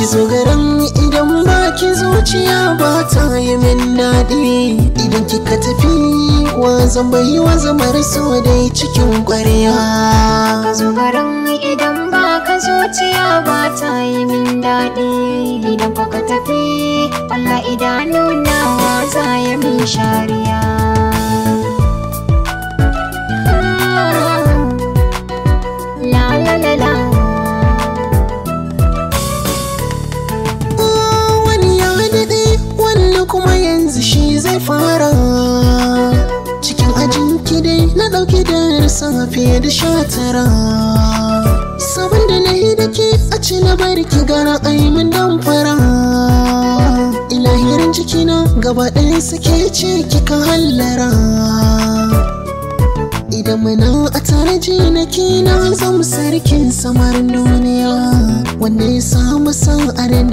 ki zo garin idan ba ki zuciya ba ta yi min daɗi idan kika tafi wa zan bai wa zamar so dai cikin ƙwarya ka zo garin idan ba zuciya ba ta yi min daɗi idan ba ka tafi Allah idanuna wa za yi min shariya fiye da sha tara sabon da na yi da ke a ce na bari ki gara a yi min damfara ilahirin jikina gaba ɗaya suke ce kika hallara idan muna a tare ji na ke na zama sarkin samarin duniya wanda ya samu san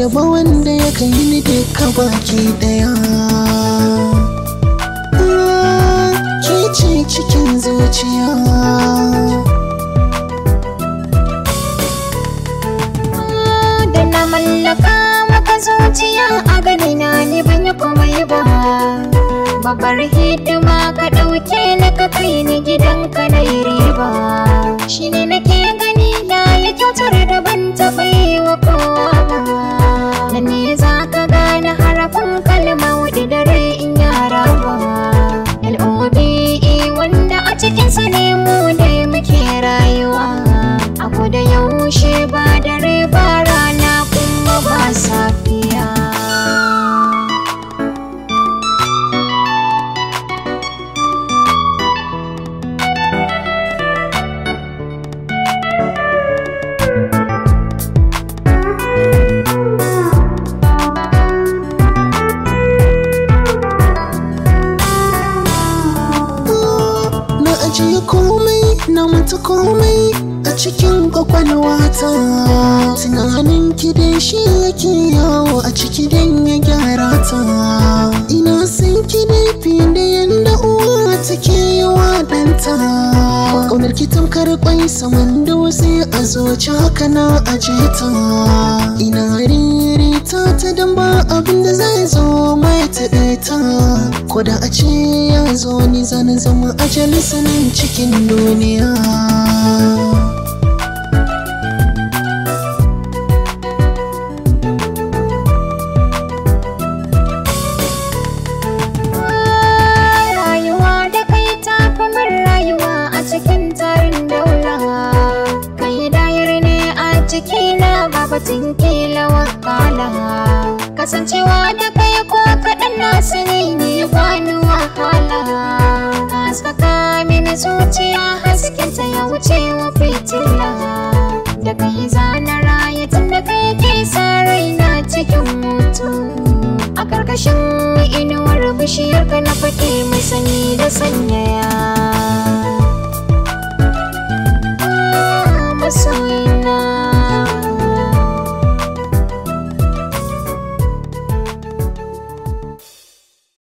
da ba wanda ya kai ni ka baki ɗaya zuciya a gani na ni ban yi komai ba babbar hidima ka ɗauke ni ka kai ni ka na yi riba shi ne nake gani na ya kyautar da ban taɓa yi wa kowa na mata komai a cikin kwakwalwata tunanin kidan shi yake yawo a ciki dan ya gyara ta ina san kidan da fiye da yadda uwa take yi wa ɗanta kamar ki tamkar kwai saman dutse a zuci haka na aje ta ina riri ta ta ba abin da zai zo mai ta ta ko da a ce ya zo ni zan zama ajalin cikin duniya cikina ba batun kila wakalaha kasancewa da kai ko kaɗan na sani ne bani wahala haskaka mini zuciya ta ya wuce wa fitila da kai zana raya tun da kai ke sa raina cikin mutu a ƙarƙashin inuwar bishiyarka na faɗi mai sani da sanyaya